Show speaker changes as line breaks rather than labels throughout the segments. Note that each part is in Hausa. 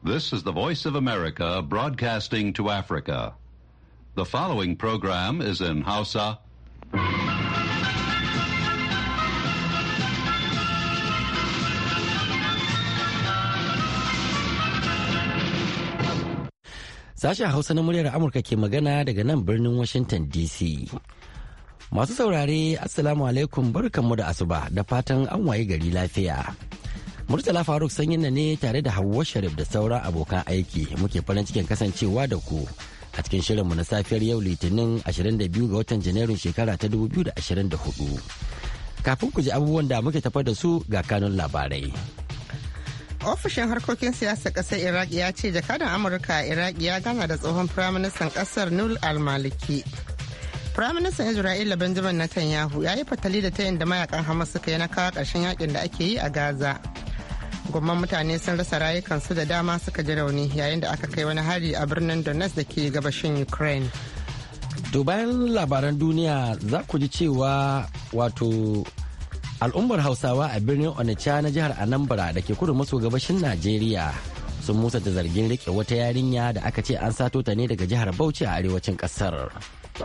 This is the Voice of America broadcasting to Africa. The following program is in Hausa.
Sashen Hausa na muryar Amurka ke magana daga nan birnin Washington DC. Masu saurare, Assalamu alaikum barkanmu da asuba da fatan an waye gari lafiya. Murtala Faruk sanyin ne tare da Hauwa Sharif da sauran abokan aiki muke farin cikin kasancewa da ku a cikin shirinmu na safiyar yau Litinin 22 ga watan Janairun shekara ta 2024. Kafin ku ji abubuwan da muke tafar da su ga kanun labarai.
Ofishin harkokin siyasa ƙasar Iraq ya ce jakadan Amurka a Iraq ya gana da tsohon firaministan kasar Nul al-Maliki. Firaministan Isra'ila Benjamin Netanyahu ya yi fatali da tayin da mayakan Hamas suka yi na kawo ƙarshen yakin da ake yi a Gaza. gomman mutane sun rasa rayukansu da dama suka ji rauni yayin da aka kai wani hari a birnin donetsk da ke gabashin ukraine to
bayan labaran
duniya za ku ji cewa wato al'ummar hausawa a birnin onitsha na jihar anambra da ke kudu maso gabashin najeriya sun da zargin rike wata yarinya da aka ce an sato ta ne daga jihar bauchi a arewacin kasar.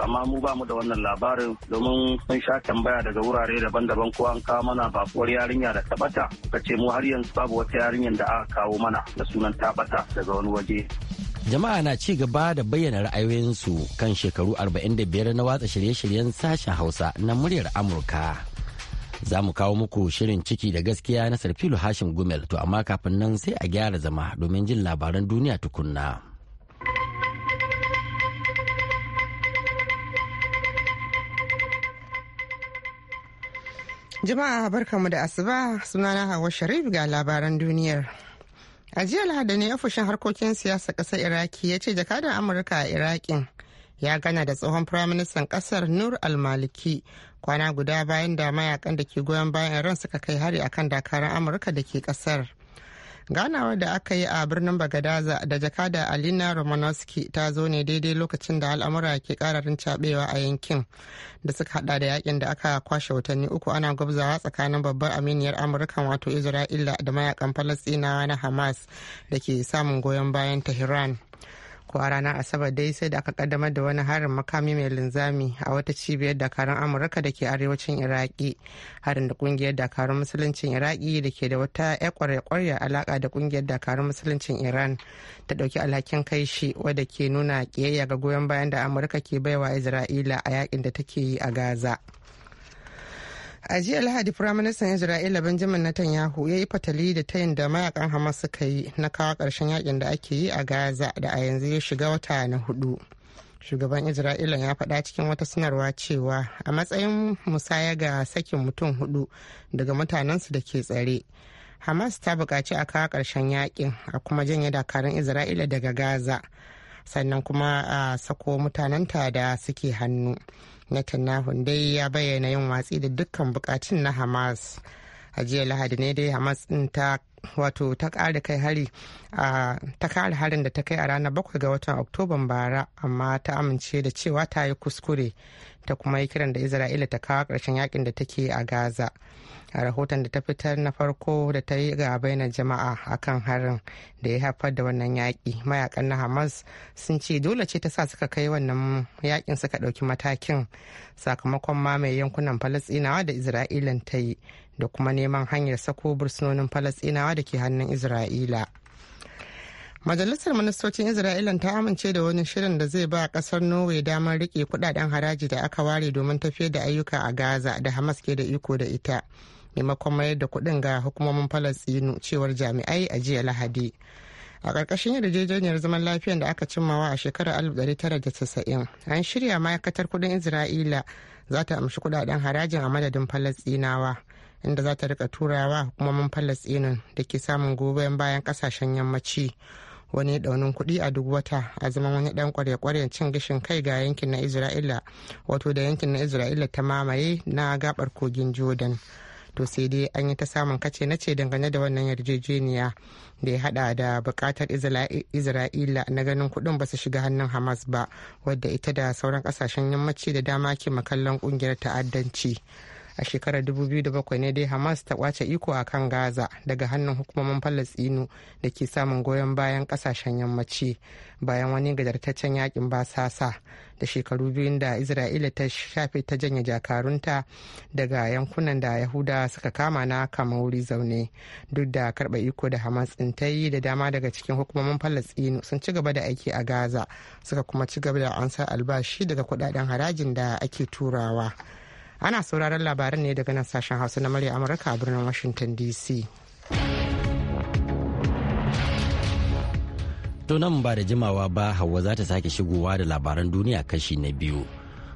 amma mu ba mu da wannan labarin domin mun sha tambaya daga wurare daban-daban ko an kawo mana bakuwar yarinya da ta bata ce mu har yanzu babu wata yarinya da aka kawo mana da sunan tabata daga wani waje
jama'a na ci gaba da bayyana ra'ayoyinsu kan shekaru arba'in da biyar na watsa shirye-shiryen sashen hausa na muryar amurka za mu kawo muku shirin ciki da gaskiya na sarfilu hashim gumel to amma kafin nan sai a gyara zama domin jin labaran duniya tukunna.
Jama'a mu da asuba sunana Hawa Sharif ga labaran duniyar. A jiya Lahadi ne ofishin harkokin siyasa ƙasar Iraki ya ce jakadar Amurka a Irakin ya gana da tsohon firaministan ƙasar Nur al-Maliki kwana guda bayan da mayakan da ke goyon bayan ran suka kai hari akan dakarun Amurka da ke ƙasar. ganawa da aka yi a birnin bagadaza da jakada alina romanowski ta zo ne daidai lokacin da al'amura ke kararin cabewa a yankin da suka hada da yakin da aka kwashe watanni uku ana gwabzawa tsakanin babbar aminiyar amurka wato isra'ila da mayakan falastinawa na hamas da ke samun goyon bayan tehran ko a ranar asabar dai sai da aka kaddamar da wani harin makami mai linzami a wata cibiyar dakarun amurka da ke arewacin iraki harin da kungiyar dakarun musuluncin iraki da ke da wata yakwarya alaka da kungiyar dakarun musuluncin iran ta dauki alhakin kai shi wadda ke nuna kiyayya ga goyon bayan da amurka ke baiwa isra'ila a yakin da take yi a gaza a jiya lahadi firaministan isra'ila benjamin netanyahu ya yi fatali da tayin da mayakan hamas suka yi na kawo karshen yakin da ake yi a gaza da a yanzu ya shiga wata na hudu shugaban isra'ila ya faɗa cikin wata sanarwa cewa a matsayin musaya ga sakin mutum hudu daga mutanensu da ke tsare hamas ta buƙaci a kawo karshen yakin a kuma janye dakarun isra'ila daga gaza sannan kuma a sako mutanenta da suke hannu netanyahu dai ya bayyana yin watsi da dukkan bukatun na hamas a jiya lahadi ne dai hamas din ta wato ta kare kai hari ta kare harin da ta kai a ranar bakwai ga watan oktoban bara amma ta amince da cewa ta yi kuskure ta kuma yi kiran da isra'ila ta kawo ƙarshen yakin da take a gaza a rahoton da ta fitar na farko da ta yi ga bainar jama'a akan harin da ya haifar da wannan yaƙi mayakan na hamas sun ce dole ce ta sa suka kai wannan yaƙin suka ɗauki matakin sakamakon mamaye yankunan falasinawa da isra'ila ta yi da kuma neman hanyar sako bursunonin falasinawa da ke hannun isra'ila Majalisar Ministocin Isra'ila ta amince da wani shirin da zai ba kasar Norway damar rike kudaden haraji da aka ware domin tafiyar da ayyuka a Gaza da Hamas ke da iko da ita. maimakon mayar da kuɗin ga hukumomin falastinu cewar jami'ai a jiya lahadi a ƙarƙashin yarjejeniyar zaman lafiyar da aka cimmawa a shekarar 1990 an shirya ma'aikatar kuɗin isra'ila za ta amshi kuɗaɗen harajin a madadin falastinawa inda za ta rika turawa hukumomin falastinu da ke samun goyon bayan ƙasashen yammaci wani daunin kuɗi a duk wata a zaman wani ɗan kware cin gishin kai ga yankin na isra'ila wato da yankin na isra'ila ta mamaye na gabar kogin jordan to sai dai an yi ta samun kace na ce dangane da wannan yarjejeniya da ya hada da bukatar isra'ila na ganin kudin ba su shiga hannun hamas ba wadda ita da sauran kasashen yammaci da dama ke makallon kungiyar ta'addanci a shekarar 2007 ne dai hamas ta kwace iko a kan gaza daga hannun hukumomin falastinu da ke samun goyon bayan kasashen yammaci bayan wani gajartaccen yakin basasa da shekaru biyu da isra'ila ta shafe ta janye jakarunta daga yankunan da yahuda suka kama na kama wuri zaune duk da karɓa iko da hamas ɗin ta yi da dama daga cikin hukumomin falastinu sun ci gaba da aiki a gaza suka kuma ci gaba da ansar albashi daga kudaden harajin da ake turawa ana sauraron labaran ne daga nan sashen hausa na murya amurka a birnin washington dc to
nan ba da jimawa ba hauwa za ta sake shigowa da labaran duniya kashi na biyu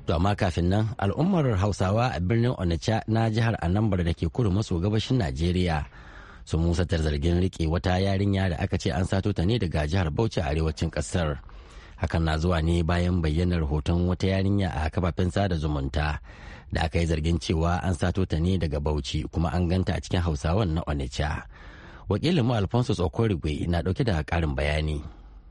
to amma kafin nan al'ummar hausawa a birnin onitsha na jihar anambra da ke kudu maso gabashin najeriya sun musatar zargin rike wata yarinya da aka ce an sato ta ne daga jihar bauchi a arewacin kasar hakan na zuwa ne bayan bayyanar hoton wata yarinya a kafafen sada zumunta da aka yi zargin cewa an sato ta ne daga Bauchi kuma an ganta a cikin Hausawan na Onitsha. Wakilin mu alfonso tsokorigwe na dauke da karin bayani.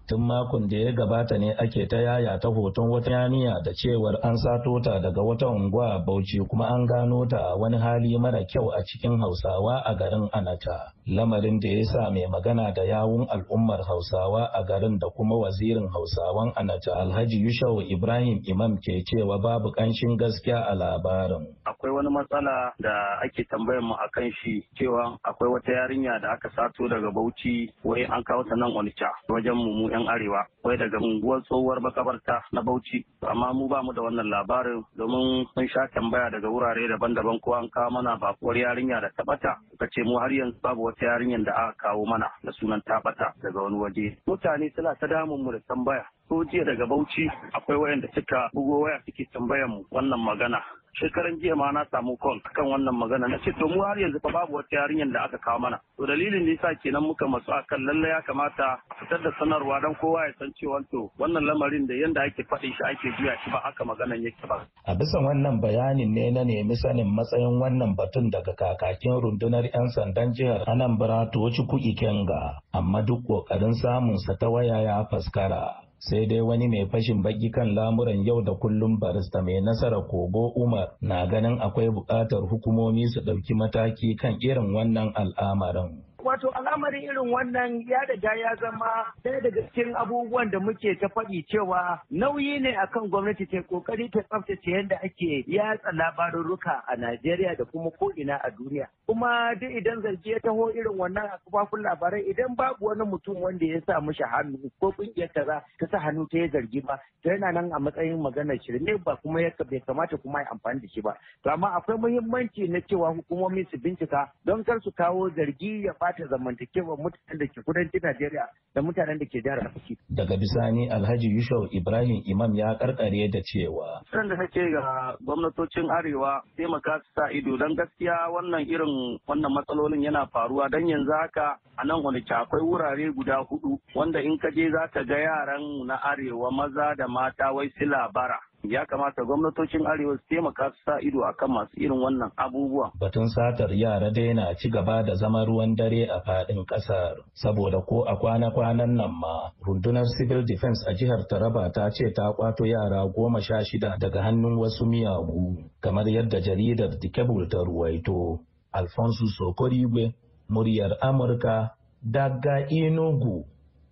tun makon da ya gabata ne ake ta yaya ta hoton wata yaniya da cewar an sato ta daga wata unguwa a bauchi kuma an gano ta a wani hali mara kyau a cikin hausawa a garin anata lamarin da ya sa mai magana da yawun al'ummar hausawa a garin da kuma wazirin hausawan anata alhaji yushau ibrahim imam ke cewa babu kanshin gaskiya a labarin
akwai wani matsala da ake tambayar mu akan shi cewa akwai wata yarinya da aka sato daga bauchi wai an kawo ta nan onitsha wajen mu 'yan arewa wai daga unguwar tsohuwar makabarta na bauchi amma mu ba mu da wannan labarin domin mun sha tambaya daga wurare daban-daban ko an kawo mana bakuwar yarinya da tabata ka ce mu har yanzu babu wata yarinyar da aka kawo mana da sunan tabata daga wani waje mutane suna ta damun mu da tambaya ko jiya daga bauchi akwai wayanda suka bugo waya suke tambayan mu wannan magana shekaran jiya ma na samu call kan wannan magana na ce to mu har yanzu fa babu wata yarinyar da aka kawo mana to dalilin da yasa kenan muka masu akan lallai ya kamata fitar da sanarwa dan kowa ya san cewa to wannan lamarin da yanda ake faɗi shi ake juya shi ba haka maganan yake ba
a bisa wannan bayanin ne na nemi sanin matsayin wannan batun daga kakakin rundunar 'yan sandan jihar Anambra kuɗi, Kenga, amma duk kokarin samunsa ta waya ya faskara sai dai wani mai fashin baki kan lamuran yau da kullum barista mai nasara kogo umar na ganin akwai buƙatar hukumomi su ɗauki mataki kan irin wannan al'amarin.
wato al'amarin irin wannan ya riga ya zama Daya daga cikin abubuwan da muke ta faɗi cewa nauyi ne akan gwamnati ta kokari ta tsaftace yadda ake yatsa labarurruka a Najeriya da kuma ko'ina a duniya. Kuma duk idan zargi ya taho irin wannan a kafafun labarai idan babu wani mutum wanda ya sa mishi hannu ko kungiyar za ta sa hannu ta yi zargi ba to yana nan a matsayin maganar shirme ba kuma ya bai kamata kuma ya amfani da shi ba. To amma akwai muhimmanci na cewa hukumomi su bincika don kar su kawo zargi ya bata zamantakewar mutanen da ke kudancin Najeriya da mutanen da ke jihar Bauchi.
Daga bisani Alhaji yusuf Ibrahim Imam ya karkare da cewa.
Sanda take ga gwamnatocin Arewa taimaka su sa ido don gaskiya wannan irin wannan matsalolin yana faruwa don yanzu haka a nan wani akwai wurare guda hudu wanda in ka je za ka ga yaran na Arewa maza da mata wai su labara. ya kamata gwamnatocin arewa su taimaka su sa ido a kan masu irin wannan abubuwa.
Batun satar yara dai na ci gaba da zama ruwan dare a faɗin ƙasar, saboda ko a kwana-kwanan nan ma rundunar civil defense a jihar Taraba ta ce ta kwato yara goma sha shida daga hannun wasu miyagu, kamar yadda jaridar Dikebul ta ruwaito. Alfonso Sokorigwe, muryar Amurka, daga inugu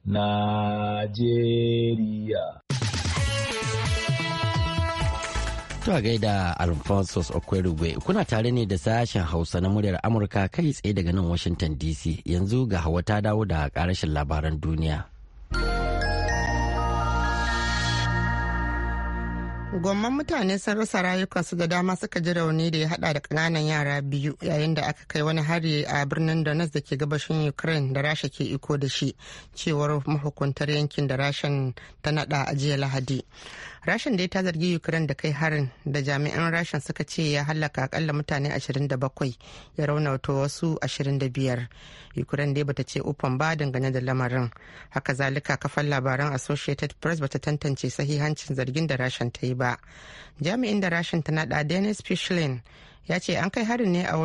Najeriya. To gaida
Alphonsus Okwerugwe kuna tare ne da sashen Hausa na muryar Amurka kai tsaye daga nan Washington DC yanzu ga hawa ta dawo da karashin labaran duniya.
Gwamman mutane sun rasa rayukansu da dama suka ji rauni da ya hada da kananan yara biyu yayin da aka kai wani hari a birnin Donetsk da ke gabashin Ukraine da Rasha ke iko da shi cewar mahukuntar yankin da Rashan ta nada a jiya Lahadi. rashin dai ta zargi ukraine da kai harin da jami'an rashin suka ce ya halaka akalla mutane 27 ya raunata wasu 25 ukraine dai bata ce ufan ba dangane da lamarin haka zalika kafan labaran associated press bata tantance sahihancin zargin da rashin ta yi ba jami'in da rashin ta nada dennis fishlin ya ce an kai harin ne a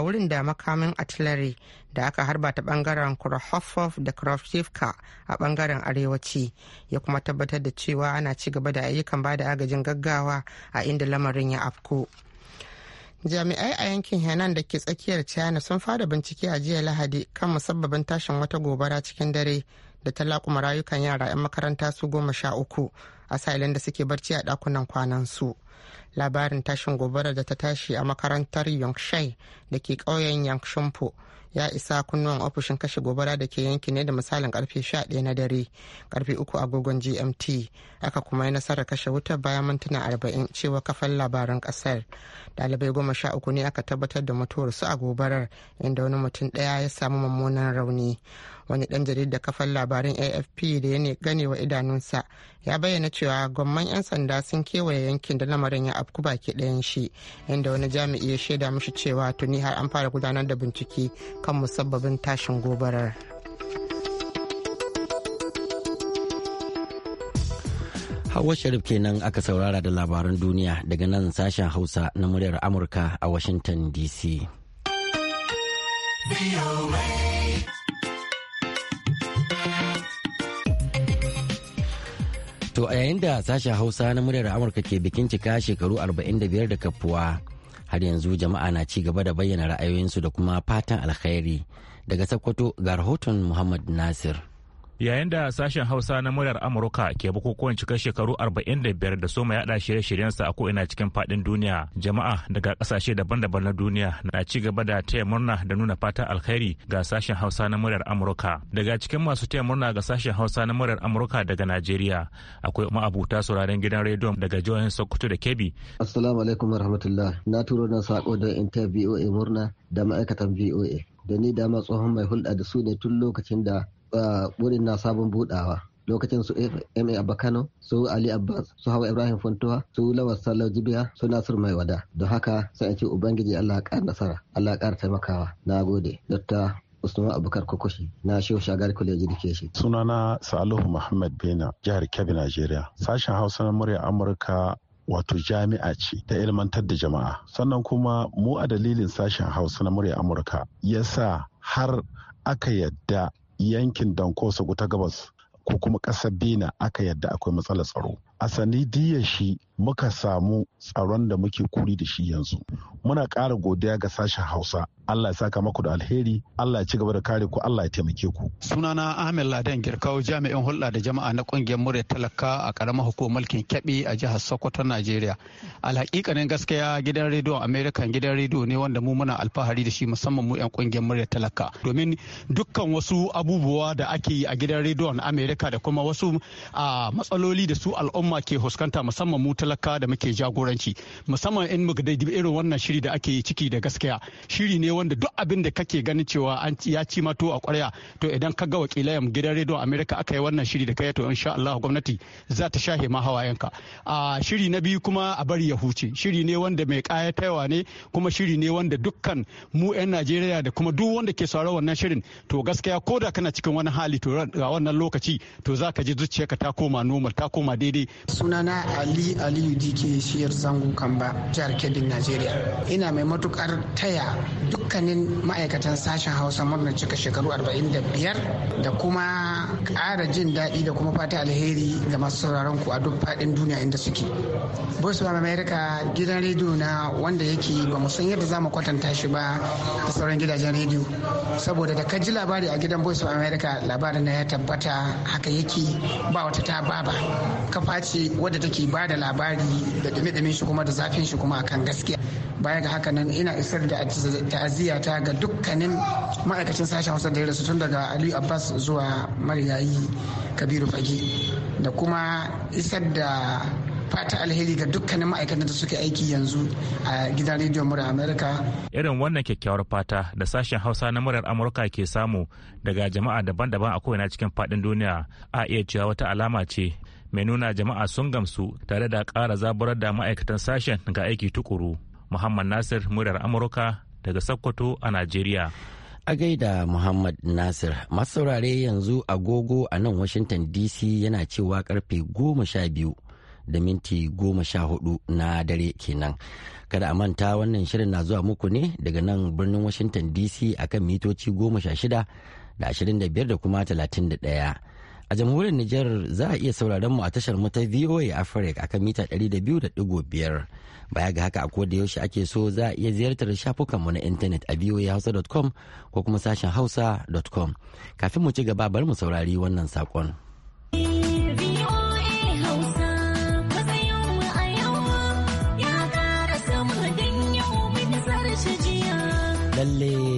wurin da makamin artillery da aka harba ta bangaren kurhofov da krofchivka a bangaren arewaci ya kuma tabbatar da cewa ana ci gaba da ayyukan bada agajin gaggawa a inda lamarin ya afko jami'ai a yankin henan da ke tsakiyar china sun fara bincike a jiya lahadi kan musabbabin tashin wata gobara cikin dare da ta lakuma rayukan yara 'yan makaranta su goma sha uku a sa'ilin da suke barci a dakunan kwanan su. Labarin tashin gobara da ta tashi a makarantar Yongshai da ke ƙauyen Yangshinpo ya isa kunnuwan ofishin kashe gobara da ke yanki ne da misalin karfe sha 11 na dare karfe 3 agogon gmt aka kuma yi nasarar kashe wutar bayan mintuna arba'in cewa kafan labaran kasar dalibai goma sha uku ne aka tabbatar da mutuwar su a gobarar inda wani mutum daya ya samu mummunan rauni wani dan jaridar kafar labaran afp da ya gane wa idanunsa ya bayyana cewa gwamman 'yan sanda sun kewaye yankin da lamarin ya afku baki ɗayan shi inda wani jami'i ya shaida mushi cewa tuni har an fara gudanar da bincike kan musabbabin tashin gobarar
Hawa Sharif kenan aka saurara da labaran duniya daga nan sashen Hausa na muryar Amurka a Washington DC. To a yayin da sashen Hausa na muryar Amurka ke bikin cika shekaru 45 da kafuwa har yanzu jama'a na ci gaba da bayyana ra'ayoyinsu da kuma fatan alkhairi. Daga Sakkwato ga rahoton Muhammad Nasir.
yayin da sashen hausa na muryar amurka ke bukukuwan cika shekaru 45 da soma yada shirye-shiryensa a ko'ina cikin fadin duniya jama'a daga kasashe daban-daban na duniya na ci gaba da taya murna da nuna fatan alkhairi ga sashen hausa na muryar amurka daga cikin masu taya murna ga sashen hausa na muryar amurka daga najeriya akwai ma'abuta sauraren gidan rediyon daga jihohin sokoto da kebbi
assalamu alaikum warahmatullah na turo na sako da ta voa murna da ma'aikatan voa da ni dama tsohon mai hulɗa da su ne tun lokacin da burin na sabon budawa lokacin su ma Kano, su ali abbas su hawa ibrahim funtuwa su lawar sallau jibiya su nasir mai wada don haka sai ce ubangiji allah ƙara nasara allah ƙara taimakawa na gode dokta Usman Abubakar Kokoshi na Shehu Shagar College Suna
Sunana Salihu Muhammad Bena, jihar Kebbi, Najeriya. Sashen Hausa na murya Amurka wato jami'a ce ta ilmantar da jama'a. Sannan kuma mu a dalilin sashen Hausa na murya Amurka yasa har aka yadda yankin dankoso ta gabas ko kuma ƙasar bena aka yadda akwai matsalar tsaro a sanidiyar shi muka samu tsaron da muke kuri da shi yanzu muna kara godiya ga sashen hausa allah ya saka maku da alheri allah ya ci gaba da kare ku allah ya taimake ku sunana ahmed ladan girkawo jami'in hulɗa da jama'a na ƙungiyar murya talaka a ƙaramar hukumar mulkin kebbi a jihar sokoto Nigeria. alhaƙiƙanin gaskiya gidan rediyon american gidan rediyo ne wanda mu muna alfahari da shi musamman mu 'yan ƙungiyar murya talaka domin dukkan wasu abubuwa da ake yi a gidan rediyon america da kuma wasu ah, matsaloli da su al'umma al'umma ke huskanta musamman mu talaka da muke jagoranci musamman in muka dai irin wannan shiri da ake ciki da gaskiya shiri ne wanda duk abin da kake ganin cewa an ya ci mato a kwarya to idan ka ga wakilayen gidan rediyon america aka yi wannan shiri da kai to insha Allah gwamnati za ta shahe ma hawayenka a shiri na biyu kuma a bari ya huce shiri ne wanda mai kayatarwa ne kuma shiri ne wanda dukkan mu 'yan Najeriya da kuma duk wanda ke sauraron wannan shirin to gaskiya ko da kana cikin wani hali to ga wannan lokaci to za ka ji zuciyarka ta koma normal ta koma daidai
sunana ali aliyu dike shiyar zango kamba jihar kebbi nigeria ina mai matukar taya dukkanin ma'aikatan sashen hausa murnar cika shekaru 45 da kuma ƙara jin daɗi da kuma fata alheri ga masu sauraron ku a duk faɗin duniya inda suke voice of america gidan rediyo na wanda yake ba mu san yadda za mu kwatanta shi ba da sauran gidajen rediyo saboda da ka ji labari a gidan voice of america labarin na ya tabbata haka yake ba wata ta baba ka ce wadda take ba da labari da dame dame shi kuma da zafin shi kuma akan gaskiya baya ga haka nan ina isar da ta'aziyya ta ga dukkanin ma'aikacin sashen hausa da ya rasu tun daga aliyu abbas zuwa marigayi kabiru fage da kuma isar da fata alheri ga dukkanin ma'aikatan da suke aiki yanzu a gidan rediyon murar amurka
irin wannan kyakkyawar fata da sashen hausa na murar amurka ke samu daga jama'a daban-daban a kowane cikin faɗin duniya a iya cewa wata alama ce mai nuna jama'a sun gamsu tare da ƙara zaburar da ma'aikatan sashen ga aiki tukuru muhammad nasir muryar amurka daga sokoto a najeriya a
gaida Muhammad Nasir masu saurare yanzu agogo a nan Washington DC yana cewa karfe goma sha biyu da minti goma sha hudu na dare kenan. Kada a manta wannan shirin na zuwa muku ne daga nan birnin Washington DC akan mitoci goma sha shida da ashirin da biyar da kuma talatin da ɗaya. A jamhuriyar Nijar za a iya sauraron mu a tashar mu ta VOA Africa akan mita 200.5. Baya ga haka a koda yaushe ake so za a iya ziyartar shafukan mu na intanet a voahausa.com ko kuma sashen hausa.com. Kafin mu ci gaba bari mu saurari wannan sakon.
Lalle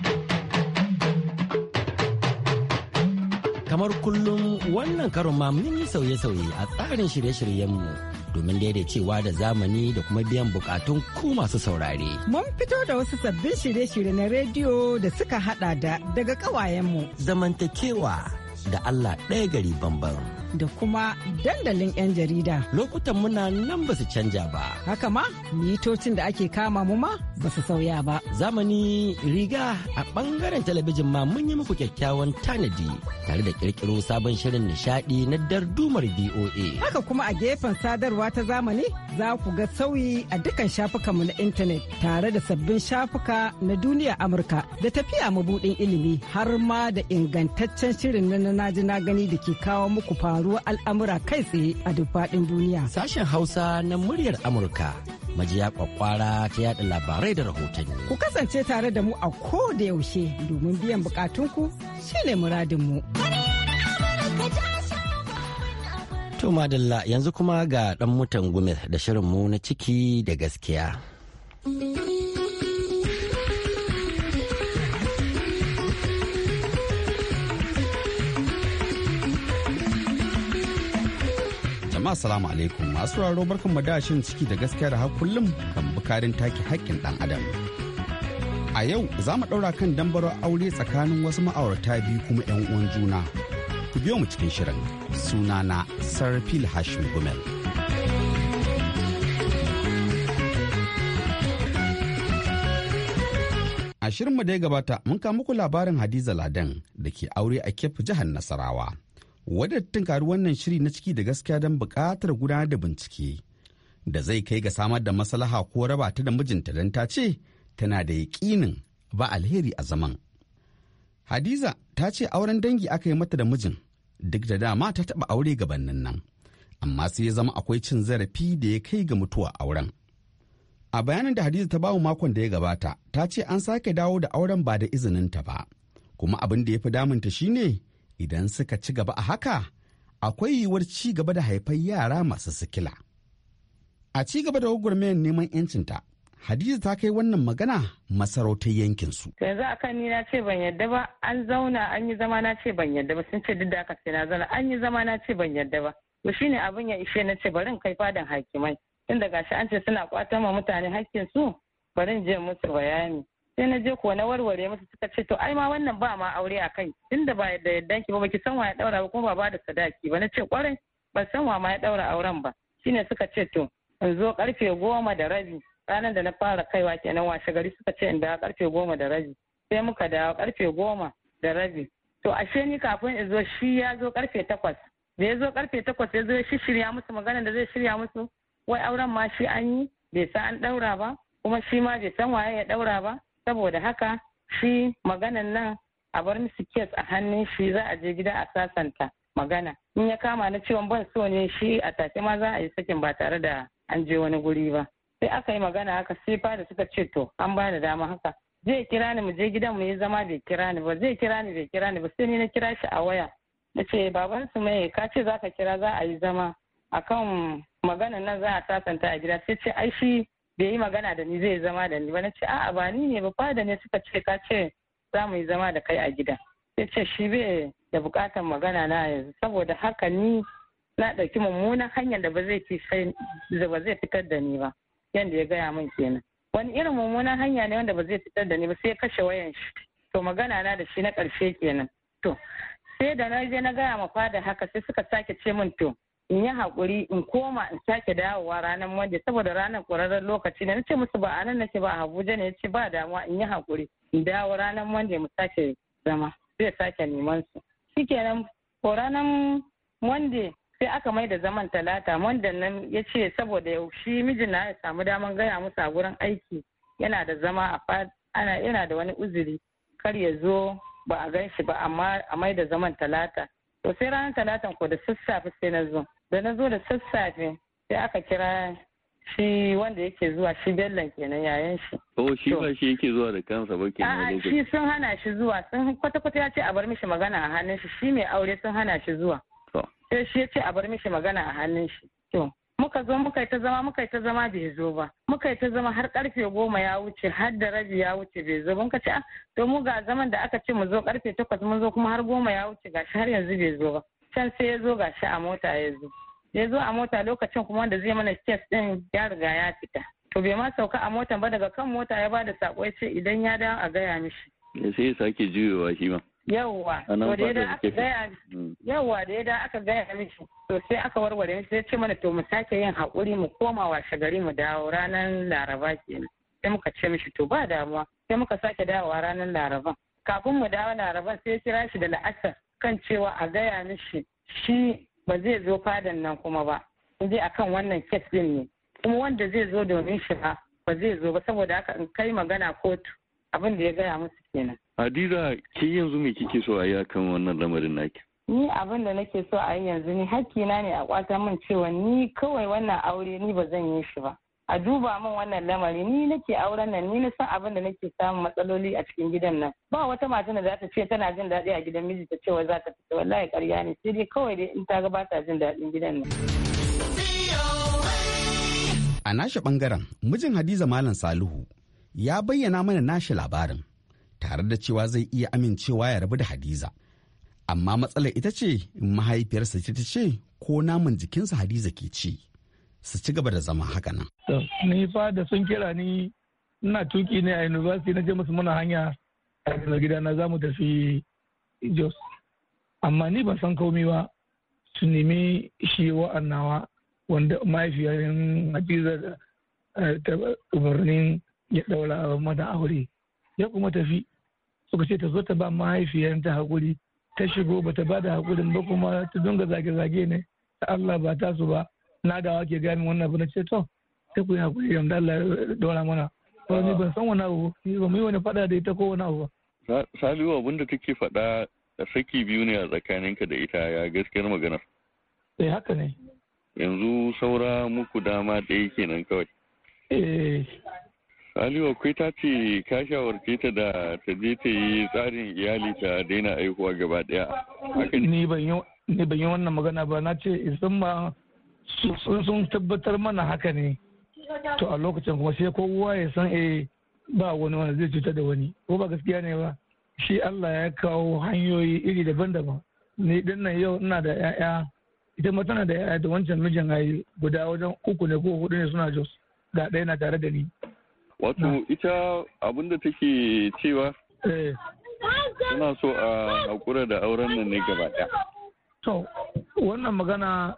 kamar kullum
wannan karon ma mun yi sauye-sauye a tsarin shirye-shiryenmu domin daidaicewa da zamani da kuma biyan bukatun ku masu saurare.
Mun fito da wasu sabbin shirye-shirye na rediyo da suka hada da daga kawayenmu. Zamantakewa da Allah ɗaya gari bambam. da kuma dandalin 'yan jarida. Lokutan muna nan ba su canja ba. Haka ma, mitocin da ake kama mu ma ba su sauya ba. Zamani riga
a bangaren talabijin ma mun yi muku kyakkyawan tanadi tare da kirkiro sabon shirin nishadi na dardumar BOA.
Haka kuma a gefen sadarwa ta zamani za ku ga sauyi a dukkan shafukanmu na intanet tare da sabbin shafuka na duniya Amurka da tafiya mabudin ilimi har ma da ingantaccen shirin na naji na gani da ke kawo muku faru. faruwar al'amura kai tsaye a duk faɗin duniya. Sashen Hausa na muryar
Amurka.
Majiya kwakwara ta yada labarai da rahotanni.
Ku kasance tare da mu a ko da yaushe domin biyan bukatunku shine muradinmu.
To madalla yanzu kuma ga ɗan mutan gumel da shirinmu na ciki da gaskiya.
jama'a salamu alaikum masu raro barkan madashin ciki da gaskiya da har kullum kan bukarin take haƙƙin dan adam a yau za mu ɗaura kan dambarar aure tsakanin wasu ma'aurata biyu kuma 'yan uwan juna ku biyo mu cikin shirin sunana sarfil hashim gumel a shirin da ya gabata mun kama muku labarin hadiza ladan da ke aure a kef jihar nasarawa wadda tunkari wannan shiri na ciki da gaskiya don buƙatar gudanar da bincike da zai kai ga samar da maslaha ko raba ta da mijinta don ta ce tana da yaƙinin ba alheri a zaman. Hadiza ta ce auren dangi aka yi mata da mijin duk da dama ta taɓa aure gabanin nan, amma sai ya zama akwai cin zarafi da ya kai ga mutuwa auren. A bayanin da Hadiza ta bawo makon da ya gabata, ta ce an sake dawo da auren ba da izininta ba, kuma abin da ya fi damunta shine idan suka ci gaba a haka akwai yiwuwar ci gaba da haifar yara masu sikila a ci gaba da gwagwarmayar neman 'yancinta Hadiza ta kai wannan magana masarautar su Yanzu
a kan ni na ce ban yadda ba, an zauna an yi zama na ce ban yadda ba, sun ce duk da aka ce na zauna an yi zama na ce ban yadda ba. To shine abin ya ishe na ce barin kai fadan hakimai. Tun gashi an ce suna kwatama mutane hakkin su, barin je musu bayani. sai na je ko na warware musu suka ce to ai ma wannan ba ma aure a kai tunda ba da yadda ki ba baki san wa ya daura ba kuma ba ba da sadaki ba na ce kwarai ban san wa ma ya daura auren ba shine suka ce to in zo karfe goma da rabi ranar da na fara kaiwa kenan washe gari suka ce in da karfe goma da rabi sai muka dawo karfe goma da rabi to ashe ni kafin in zo shi ya zo karfe takwas da ya zo karfe takwas ya zo ya shirya musu magana da zai shirya musu wai auren ma shi an yi bai sa an daura ba kuma shi ma bai san waye ya daura ba saboda haka shi maganan nan a bar musu kes a hannun shi za a je gida a sasanta magana in ya kama na ciwon ban so ne shi a take ma za a yi sakin ba tare da an je wani guri ba sai aka yi magana haka sai fada suka ce to an bani dama haka zai kira ni mu je gidan mu yi zama bai kira ni ba zai kira ni bai kira ni ba sai ni na kira shi a waya na ce baban su mai ka ce za ka kira za a yi zama akan magana nan za a sasanta a gida sai ce ai shi da yi magana da ni zai zama da ni ba na ce a'a ba ni ne ba fada ne suka ce ka ce za mu yi zama da kai a gida. sai ce shi bai da bukatan magana na yanzu saboda haka ni na ɗauki mummunan hanyar da ba zai ba zai fitar da ni ba yadda ya gaya min kenan wani irin mummunan hanya ne wanda ba zai fitar da ni ba sai ya kashe wayan shi to magana na da shi na ƙarshe kenan to sai da na je na gaya ma fada haka sai suka sake ce min to in yi hakuri in koma in sake dawowa ranar monday saboda ranar ƙwararren lokaci na ce musu ba a nan nake ba a abuja ne yace ba damuwa in yi hakuri in dawo ranar monday mu sake zama zai sake neman su shikenan ko ranar monday sai aka mai da zaman talata wanda nan ya ce saboda shi mijin na ya samu daman gaya musu a gurin aiki yana da zama a ana yana da wani uzuri kar ya zo ba a gan shi ba amma a mai da zaman talata sosai ranar talatan ko da sassafe sai na zo da na zo da sassafe sai aka kira shi wanda yake zuwa shi bellan kenan yayan shi.
Oh shi ba shi yake zuwa da kansa ba kenan. A'a shi
sun hana shi zuwa sun kwata kwata ya ce a bar mishi magana a hannun shi shi mai aure sun hana shi zuwa. Sai shi ya ce a bar mishi magana a hannun shi. To muka zo muka yi ta zama muka yi ta zama bai zo ba muka yi ta zama har karfe goma ya wuce har da rabi ya wuce bai zo ba muka ce ah, to mu ga zaman da aka ce mu zo karfe takwas mun zo kuma har goma ya wuce gashi har yanzu bai zo ba. can sai ya zo gashi a mota ya zo ya zo a mota lokacin kuma wanda zai mana test din ya riga ya fita to bai ma sauka a motan ba daga kan mota ya bada sako ya ce idan ya dawo a gaya mishi
sai ya sake juyowa shi ma
yawwa da ya mm. da aka gaya mishi to sai aka warware mishi sai ce mana to mu sake yin haƙuri mu koma washe gari mu dawo ranar laraba kenan sai muka ce mishi to ba damuwa sai muka sake dawowa ranar laraban kafin mu dawo laraban sai ya kira shi da la'asar kan cewa a gaya mishi shi ba zai zo fadan nan kuma ba a akan wannan kes din ne kuma wanda zai zo domin shi ba ba zai zo ba saboda haka in kai magana kotu abin da ya gaya musu kenan
Hadiza ki yanzu me kike so a yi akan wannan lamarin naki
ni abin da nake so a yi yanzu ni hakkina ne a kwata min cewa ni kawai wannan aure ni ba zan yi shi ba a duba min wannan lamari ni nake auren nan ni na san abin da nake samun matsaloli a cikin gidan nan ba wata mata da zata ce tana jin daɗi a gidan miji ta cewa za ta fita wallahi ƙarya ne sai dai kawai dai in ta ga ba ta jin daɗin gidan nan
a nashi bangaren mijin hadiza malam salihu ya bayyana mana nashi labarin tare da cewa zai iya amincewa ya rabu da hadiza amma matsalar ita ce mahaifiyarsa ce ta ce ko naman jikinsa hadiza ke ci su ci gaba da zama haka nan.
Ni fa da sun kira ni ina tuki ne a university na je musu muna hanya a gida gidana za mu tafi Jos. Amma ni ban san komi ba su nemi shi wa'annawa wanda mahaifiyar Hadiza eh, ta umarnin ya daura mata aure. Ya kuma tafi suka ce ta zo ta ba mahaifiyarta hakuri ta shigo ba ta ba da hakurin ba kuma ta dunga zage-zage ne. Allah ba ta su ba na wake ke min wannan abu na ce to sai ku yi hakuri da Allah dora mana ba ni ban san wani abu ni ba mu yi wani faɗa da ita ko wani abu
ba salihu abinda da kake faɗa saki biyu ne a tsakaninka da ita ya gaskiyar magana eh haka ne yanzu saura muku dama ɗaya kenan kawai eh Aliyu akwai ta ce ka shawarce ta da ta je ta yi tsarin iyali ta daina aihuwa gaba daya.
Ni ban yi wannan magana ba na ce isan ma sun tabbatar mana haka ne to a lokacin kuma sai kowa ya san eh ba wani wanda zai cutar da wani ko ba gaskiya ne ba shi Allah ya kawo hanyoyi iri daban-daban ni din nan yau ina da 'ya'ya ita ma tana da 'ya'ya da wancan mijin ayi guda wajen uku ne ko hudu ne suna jos ga ɗaya na tare da ni
wato ita abinda take cewa suna eh. so a hakura da auren nan ne gaba ɗaya
to wannan magana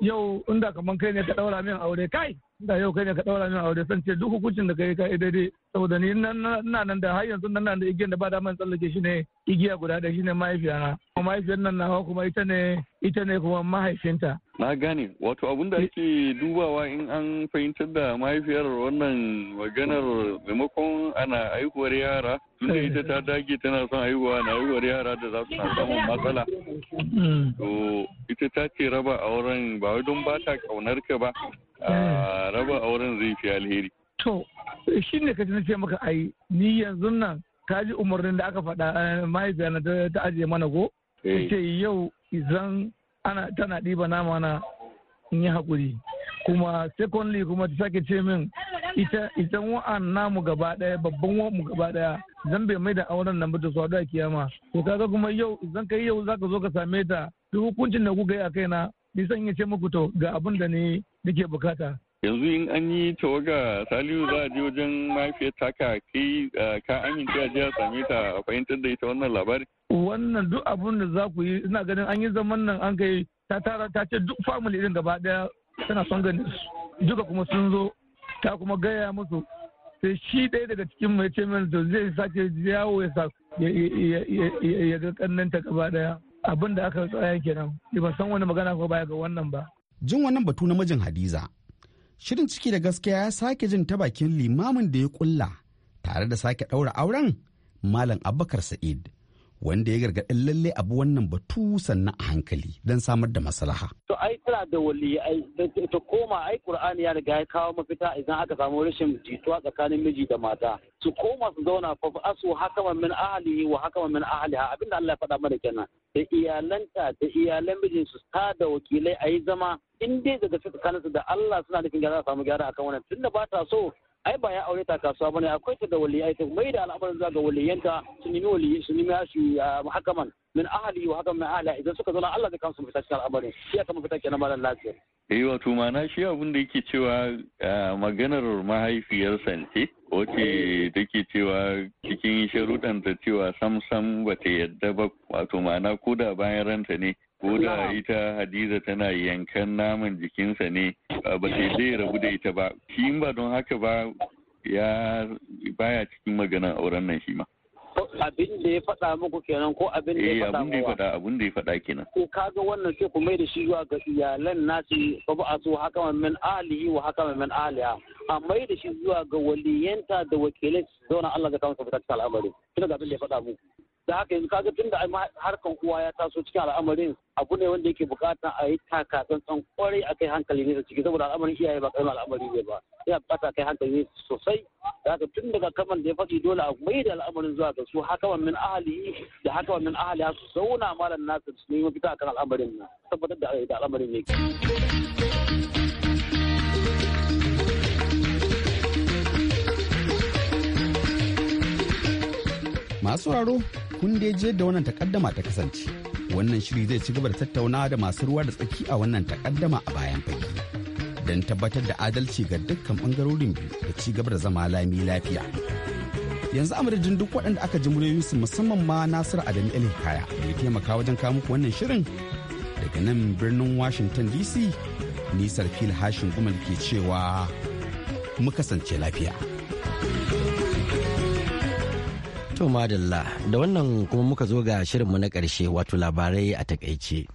yau inda kaman kai ne ka daura min aure kai inda yau kai ne ka daura min aure san ce duk hukuncin da kai ka daidai saboda ni ina nan da har yanzu nan da igiyar da ba daman tsallake shi ne igiya guda da shi ne mahaifiyana kuma mahaifiyar nan nawa kuma ita ne ita ne kuma mahaifinta
na gane wato abun da ake dubawa in an fahimtar da mahaifiyar wannan maganar maimakon ana aihuwar yara tunda ita ta dage tana son aihuwa na aihuwar yara da za su na samun matsala hmm. to ita ta ce raba auren ba don ba ta kaunar ka ba
ah,
raba auren zai fi alheri
to shi ne kaji na ce maka ai ni yanzu nan ta ji umarnin da aka faɗa eh, mahaifiya na ta ajiye mana ko eh. ce yau idan ana tana ɗiba nama na in yi haƙuri kuma secondly kuma ta sake ce min ita idan wa'an namu gaba ɗaya babban wa'an mu gaba ɗaya zan bai mai da auren nan ba ta kiyama to kaga kuma yau idan kai yau zaka zo ka same ta duk hukuncin da kuka yi a kaina nisan ya ce muku to ga abin da ne nake bukata
yanzu in an yi tawaga salihu za a je wajen mafiya taka kai ka aminta a jiya same ta fahimtar da ita wannan labari.
wannan duk abun da za ku yi ina ganin an yi zaman nan an kai ta tara ta ce duk family din gaba daya tana son ganin su duka kuma sun zo ta kuma gaya musu sai shi ɗaya daga cikin mai ce min to zai sake yawo ya ya ga kannanta gaba daya abin da aka tsaya kenan ban san wani magana ko baya ga wannan ba jin wannan batu na mijin hadiza
shirin ciki da gaskiya ya sake jin ta bakin limamin da ya kulla tare da sake ɗaura auren malam abubakar sa'id wanda ya gargaɗin lalle abu wannan batu sannan a hankali don samar da maslaha.
To ai tana da wali ta koma ai Qur'ani ya riga ya kawo mafita idan aka samu rashin jituwa tsakanin miji da mata. Su koma su zauna fa asu hakama min ahlihi wa hakama min ahliha abinda Allah ya faɗa mana kenan. da iyalanta da iyalan mijin su ta da wakilai a yi zama in dai daga tsakaninsu da Allah suna nufin gyara a samu gyara akan wannan tunda ba ta so ai ba ya aure ta kasuwa bane akwai ta ga waliyai ta mai da al'amarin za ga waliyanta su nemi waliyi su nemi shi hakaman min ahli wa hakaman min ahli idan suka zauna Allah zai kansu fita cikin al'amarin shi aka fita kenan malam lafiya
eh wato na shi abin da yake cewa maganar mahaifiyarsa Sante. wace ke cewa cikin sharuɗanta cewa samsam sam ba ta yadda ba wato ma'ana da bayan ranta ne ko da ita hadiza tana yankan naman jikinsa ne ba ta zai rabu da ita ba shi ba don haka ba ya baya cikin maganan auren nan shi ma abin
da ya faɗa muku kenan ko abin da ya eh, faɗa muku faɗa
abin da ya faɗa kenan
ko kaga wannan sai ku mai da shi zuwa ga iyalan nasi ba ba so haka min alihi wa haka min aliha a mai da shi zuwa ga waliyanta da wakilai zauna Allah ga kama sa fitar al'amari kina ga abin da ya faɗa muku da haka yanzu kaga tun da harkan kowa ya taso cikin al'amarin abu ne wanda yake bukata a yi taka tsantsan kwarai a kai hankali ne da ciki saboda al'amarin iyaye ba kai al'amari ne ba yana bukata kai hankali ne sosai da haka tun daga kaman da ya faɗi dole a mai da al'amarin zuwa ga su hakaman min ahali da hakaman min ahali su zauna malam nasu su nemi fita akan al'amarin nan tabbatar
da al'amarin ne. masu raro kun dai je da wannan takaddama ta kasance wannan shiri zai ci gaba da tattaunawa da masu ruwa da tsaki a wannan takaddama a bayan fage don tabbatar da adalci ga dukkan bangarorin biyu da ci gaba da zama lami lafiya yanzu amadadin duk waɗanda aka ji su musamman ma nasiru adamu el kaya da ya taimaka wajen kawo muku wannan shirin daga nan birnin washington dc nisar fil hashin gumal ke cewa mu kasance lafiya. To madalla
da wannan kuma muka zo ga shirinmu na ƙarshe wato labarai a takaice.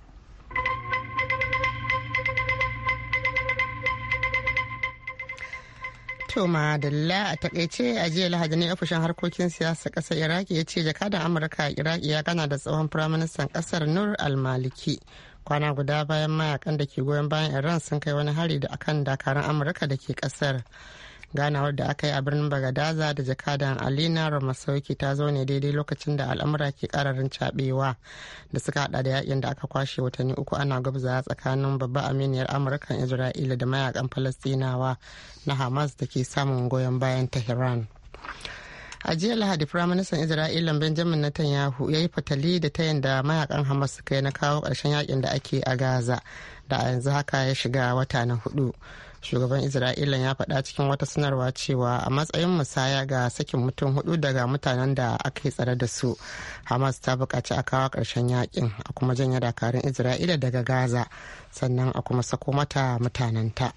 To madalla a takaice a jiya lahadi ne ofishin harkokin siyasa ƙasar Iraki ya ce jakadan Amurka a Iraki ya gana da tsohon firaministan ƙasar Nur al-Maliki. Kwana guda bayan mayakan da ke goyon bayan Iran sun kai wani hari da akan dakarun Amurka da ke ƙasar. ganawar da aka yi a birnin bagadaza da jakadan alina ramasauki ta zo ne daidai lokacin da al'amura ke kararin cabewa da suka hada da yakin da aka kwashe watanni uku ana gwabza tsakanin babba aminiyar amurkan isra'ila da mayakan falastinawa na hamas da ke samun goyon bayan tehran a jiya lahadi firaministan isra'ila benjamin netanyahu ya yi fatali da ta yadda mayakan hamas suka yi na kawo ƙarshen yakin da ake a gaza da a yanzu haka ya shiga wata na hudu shugaban isra'ila ya faɗa cikin wata sanarwa cewa a matsayin musaya ga sakin mutum hudu daga mutanen da aka yi tsare da su hamas ta buƙaci a kawo ƙarshen yakin a kuma janye dakarun isra'ila daga gaza sannan a kuma sako mata mutanenta.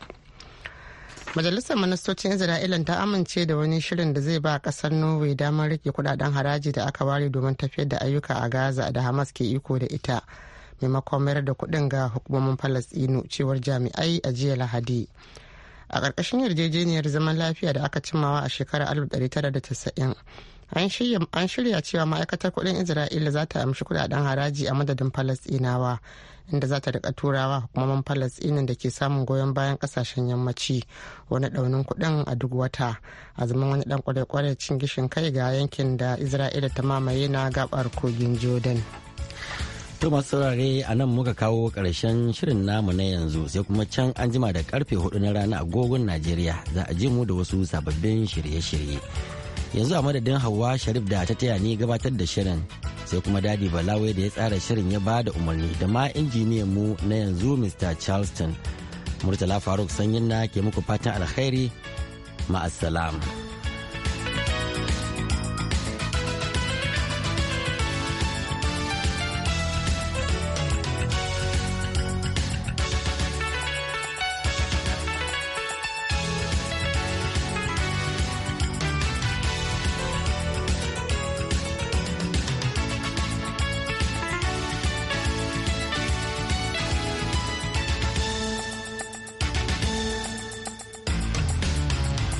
majalisar ministocin isra'ila ta amince da wani shirin da zai ba kasar norway damar rike kudaden haraji da aka ware domin tafiyar da ayyuka a gaza da hamas ke iko da ita maimakon mayar da kuɗin ga hukumomin falasɗinu cewar jami'ai a jiya lahadi a ƙarƙashin yarjejeniyar zaman lafiya da aka cimawa a shekarar 1990 an shirya cewa ma'aikatar kuɗin isra'ila za ta amshi kuɗaɗen haraji a madadin falasɗinawa inda za ta rika turawa hukumomin falasɗinin da ke samun goyon bayan ƙasashen yammaci wani ɗaunin kuɗin a duk wata a zaman wani ɗan kwarai-kwarai cin gishin kai ga yankin da isra'ila ta mamaye na gabar kogin jordan
To masu saurare a nan muka kawo ƙarshen shirin namu na yanzu sai kuma can an jima da karfe hudu na rana agogon Najeriya za a ji mu da wasu sababbin shirye-shirye. Yanzu a madadin Hauwa Sharif da ta taya ni gabatar da shirin sai kuma Dadi Balawe da ya tsara shirin ya ba da umarni da ma injiniyan mu na yanzu Mr. Charleston. Murtala Faruk Sanyin na ke muku fatan alkhairi ma'asalam